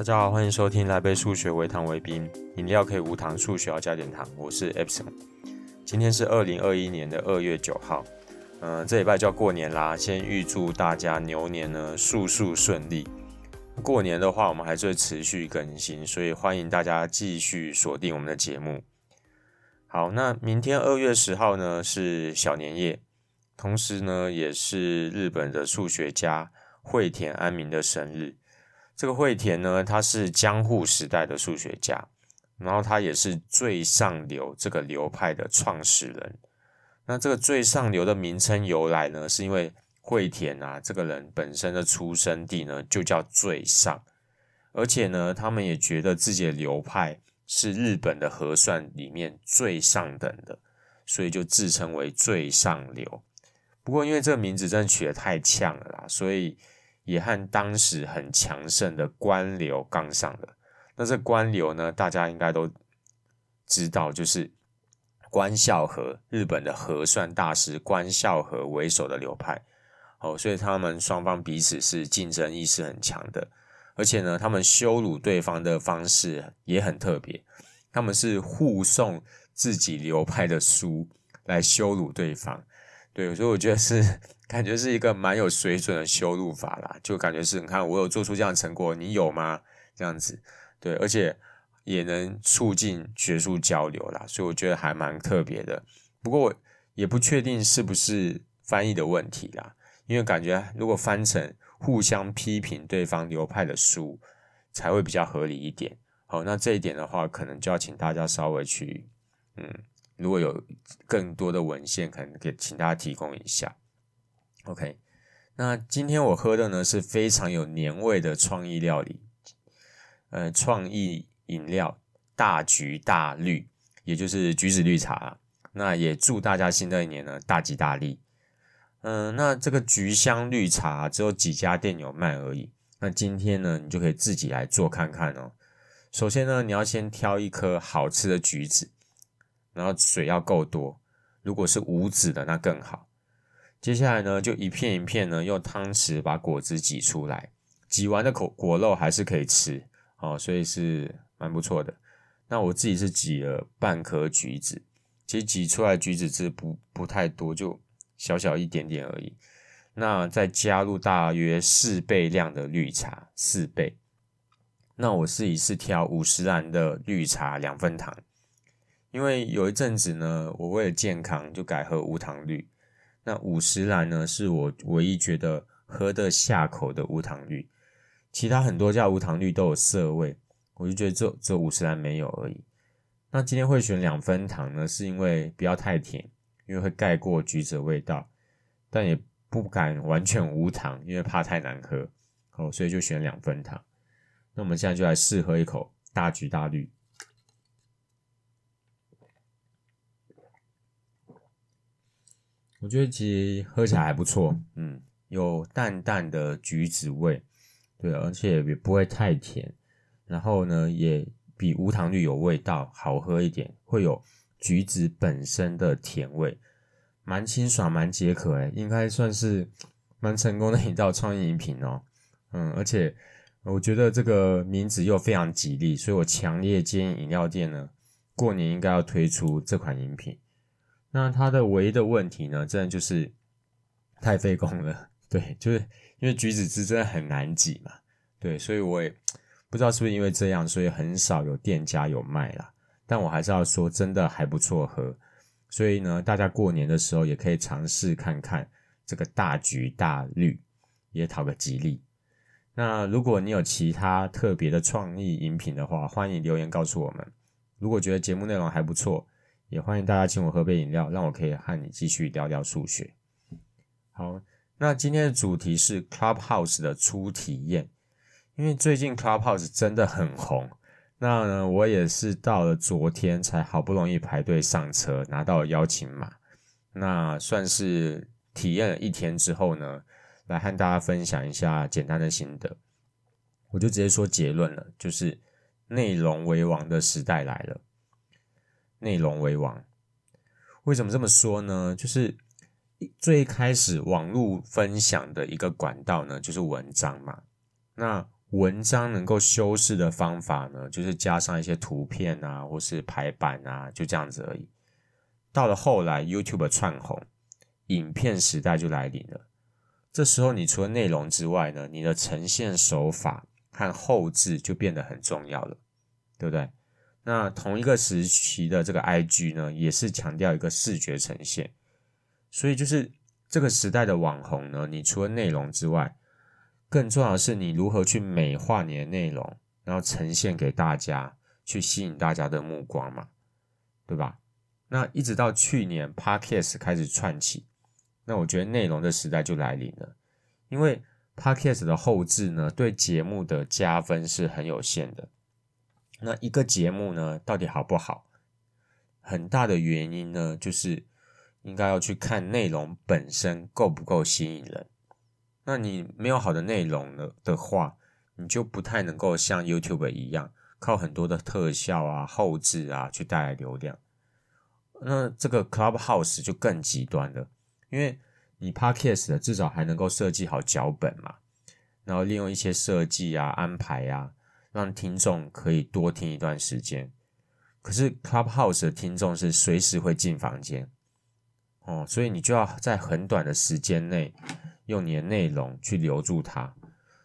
大家好，歡迎收聽來杯數學為為，微糖微冰，飲料可以無糖，數學要加點糖。我是 Epson，今天是二零二一年的二月九號，嗯、呃，這禮拜就要過年啦，先預祝大家牛年呢事事順利。過年的話，我們還是會持續更新，所以歡迎大家繼續鎖定我們的節目。好，那明天二月十號呢是小年夜，同時呢也是日本的數學家會田安明的生日。這個會田呢，他是江戶時代的數學家，然後他也是最上流這個流派的創始人。那這個最上流的名稱由來呢，是因為會田啊這個人本身的出生地呢就叫最上，而且呢他們也覺得自己的流派是日本的和算裡面最上等的，所以就自稱為最上流。不過因為這個名字真的取得太嗆了啦，所以。也和當時很強盛的關流槓上了。那這關流呢，大家應該都知道，就是關孝和，日本的和算大師關孝和為首的流派。哦，所以他們雙方彼此是競爭意識很強的，而且呢，他們羞辱對方的方式也很特別，他們是互送自己流派的書來羞辱對方。對，所以我覺得是感覺是一個蠻有水準的修路法啦，就感覺是你看我有做出這樣的成果，你有嗎？這樣子，對，而且也能促進學術交流啦，所以我覺得還蠻特別的。不過也不確定是不是翻譯的問題啦，因為感覺如果翻成互相批評對方流派的書，才會比較合理一點。好，那這一點的話，可能就要請大家稍微去嗯。如果有更多的文獻，可能給請大家提供一下。OK，那今天我喝的呢，是非常有年味的創意料理，呃，創意飲料大橘大綠，也就是橘子綠茶啊。那也祝大家新的一年呢，大吉大利。嗯，呃，那這個橘香綠茶啊，只有幾家店有賣而已。那今天呢，你就可以自己來做看看哦。首先呢，你要先挑一顆好吃的橘子。然後水要夠多，如果是無籽的那更好。接下來呢，就一片一片呢，用湯匙把果汁擠出來，擠完的果果肉還是可以吃哦，所以是蠻不錯的。那我自己是擠了半顆橘子，其實擠出來橘子汁不不太多，就小小一點點而已。那再加入大約四倍量的綠茶，四倍。那我自己是一次挑五十嵐的綠茶兩分糖。因為有一陣子呢，我為了健康就改喝無糖綠，那五十蘭呢是我唯一覺得喝的下口的無糖綠，其他很多家無糖綠都有澀味，我就覺得這這五十蘭沒有而已。那今天會選兩分糖呢，是因為不要太甜，因為會蓋過橘子的味道，但也不敢完全無糖，因為怕太難喝，哦，所以就選兩分糖。那我們現在就來試喝一口大橘大綠。我覺得其實喝起來還不錯，嗯，有淡淡的橘子味，對，而且也不會太甜，然後呢，也比無糖綠有味道，好喝一點，會有橘子本身的甜味，蠻清爽，蠻解渴誒，應該算是蠻成功的一道創意飲品哦，嗯，而且我覺得這個名字又非常吉利，所以我強烈建議飲料店呢，過年應該要推出這款飲品。那它的唯一的問題呢，真的就是太費工了。對，就是因為橘子汁真的很難擠嘛。對，所以我也不知道是不是因為這樣，所以很少有店家有賣啦。但我還是要說，真的還不錯喝。所以呢，大家過年的時候也可以嘗試看看這個大橘大綠，也討個吉利。那如果你有其他特別的創意飲品的話，歡迎留言告訴我們。如果覺得節目內容還不錯，也歡迎大家請我喝杯飲料，讓我可以和你繼續聊聊數學。好，那今天的主題是 Clubhouse 的初體驗，因為最近 Clubhouse 真的很紅。那呢，我也是到了昨天才好不容易排隊上車拿到了邀請碼，那算是體驗了一天之後呢，來和大家分享一下簡單的心得。我就直接說結論了，就是內容為王的時代來了。內容為王，為什麼這麼說呢？就是最開始網絡分享的一個管道呢，就是文章嘛。那文章能夠修飾的方法呢，就是加上一些圖片啊，或是排版啊，就這樣子而已。到了後來，YouTube 竄紅，影片時代就來臨了。這時候，你除了內容之外呢，你的呈現手法和後製就變得很重要了，對不對？那同一個時期的這個 IG 呢，也是強調一個視覺呈現，所以就是這個時代的網紅呢，你除了內容之外，更重要的是你如何去美化你的內容，然後呈現給大家，去吸引大家的目光嘛，對吧？那一直到去年 Podcast 開始竄起，那我覺得內容的時代就來臨了，因為 Podcast 的後製呢，對節目的加分是很有限的。那一個節目呢，到底好不好？很大的原因呢，就是應該要去看內容本身夠不夠吸引人。那你沒有好的內容的的話，你就不太能夠像 YouTube 一樣靠很多的特效啊、後製啊去帶來流量。那這個 Clubhouse 就更極端了，因為你 Podcast 的至少還能夠設計好腳本嘛，然後利用一些設計啊、安排啊。讓聽眾可以多聽一段時間，可是 Clubhouse 的聽眾是隨時會進房間，哦，所以你就要在很短的時間內用你的內容去留住它，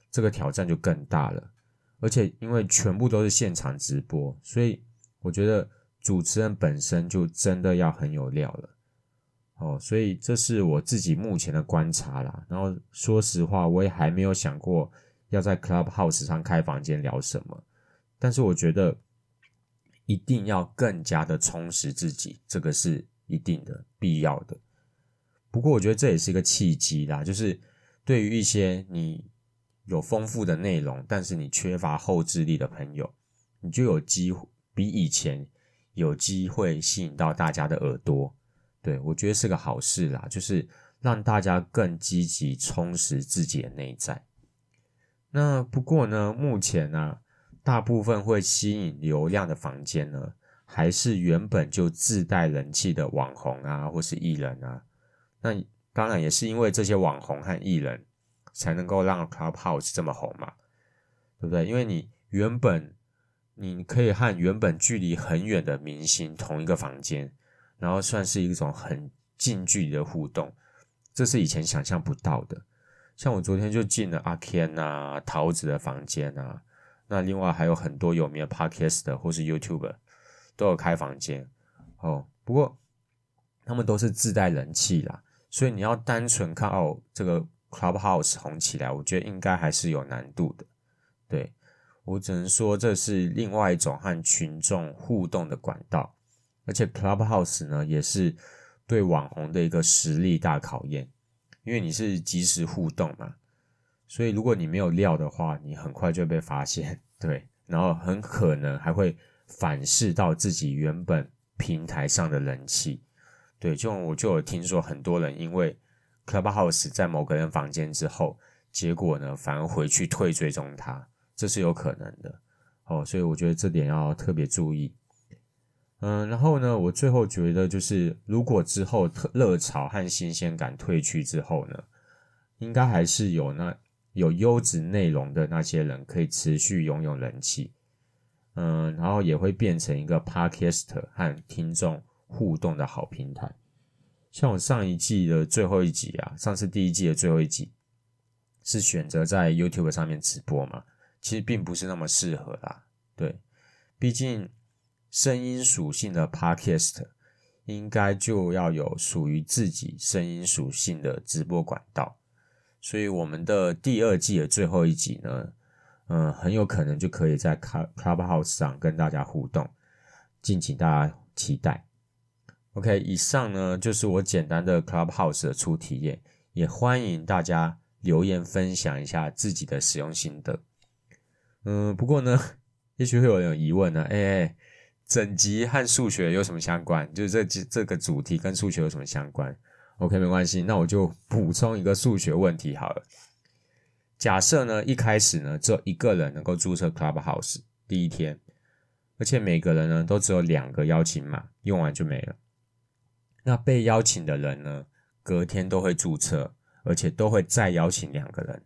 這個挑戰就更大了。而且因為全部都是現場直播，所以我覺得主持人本身就真的要很有料了。哦，所以這是我自己目前的觀察啦。然後說實話，我也還沒有想過。要在 Clubhouse 上開房間聊什麼？但是我覺得一定要更加的充實自己，這個是一定的必要的。不過，我覺得這也是一個契機啦，就是對於一些你有豐富的內容，但是你缺乏後製力的朋友，你就有機會比以前有機會吸引到大家的耳朵。對，我覺得是個好事啦，就是讓大家更積極充實自己的內在。那不過呢，目前呢、啊，大部分會吸引流量的房間呢，還是原本就自帶人氣的網紅啊，或是藝人啊。那當然也是因為這些網紅和藝人，才能夠讓 Clubhouse 這麼紅嘛，對不對？因為你原本你可以和原本距離很遠的明星同一個房間，然後算是一種很近距離的互動，這是以前想象不到的。像我昨天就進了阿 Ken 啊，陶子的房間啊，那另外還有很多有名的 podcast 或是 YouTuber 都有開房間哦。不過他們都是自帶人氣啦，所以你要單純靠、哦、這個 Clubhouse 紅起來，我覺得應該還是有難度的。對，我只能說，這是另外一種和群眾互動的管道，而且 Clubhouse 呢，也是對網紅的一個實力大考驗。因為你是即時互動嘛，所以如果你沒有料的話，你很快就會被發現，對，然後很可能還會反噬到自己原本平台上的人氣，對，就我就有聽說很多人因為 Clubhouse 在某個人房間之後，結果呢，反而回去退追蹤他，這是有可能的哦，所以我覺得這點要特別注意。嗯，然後呢，我最後覺得就是，如果之後熱潮和新鮮感退去之後呢，應該還是有那有優質內容的那些人可以持續擁有人氣。嗯，然後也會變成一個 podcast 和聽眾互動的好平台。像我上一季的最後一集啊，上次第一季的最後一集，是選擇在 YouTube 上面直播嘛，其實並不是那麼適合啦。對，畢竟。聲音屬性的 Podcast 應該就要有屬於自己聲音屬性的直播管道，所以我們的第二季的最後一集呢，嗯，很有可能就可以在 Clubhouse 上跟大家互動，敬請大家期待。OK，以上呢就是我簡單的 Clubhouse 的初體驗，也歡迎大家留言分享一下自己的使用心得。嗯，不過呢，也許會有人有疑問呢、啊，誒、欸、誒整集和數學有什麼相關？就是這這這個主題跟數學有什麼相關？OK，沒關係，那我就補充一個數學問題好了。假設呢，一開始呢，只有一個人能夠注冊 Clubhouse 第一天，而且每個人呢都只有兩個邀請碼，用完就沒了。那被邀請的人呢，隔天都會注冊，而且都會再邀請兩個人。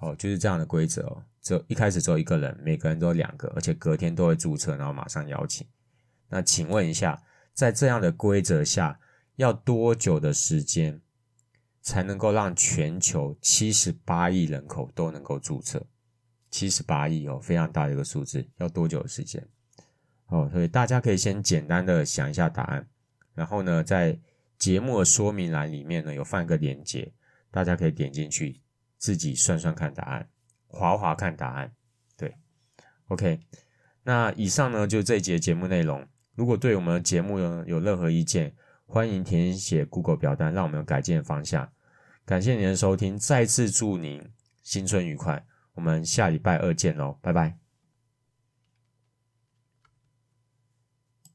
哦，就是這樣的規則哦。只有一開始只有一個人，每個人都有兩個，而且隔天都會注冊，然後馬上邀請。那請問一下，在這樣的規則下，要多久的時間才能夠讓全球七十八億人口都能夠注冊？七十八億哦，非常大的一個數字，要多久的時間？哦，所以大家可以先簡單的想一下答案，然後呢，在節目的說明欄裡面呢有放一個連結，大家可以點進去。自己算算看答案，劃劃看答案，對，OK。那以上呢，就這一集的節目內容。如果對我們的節目呢有任何意見，歡迎填寫 Google 表單，讓我們有改進的方向。感謝您的收聽，再次祝您新春愉快。我們下禮拜二見嘍，拜拜。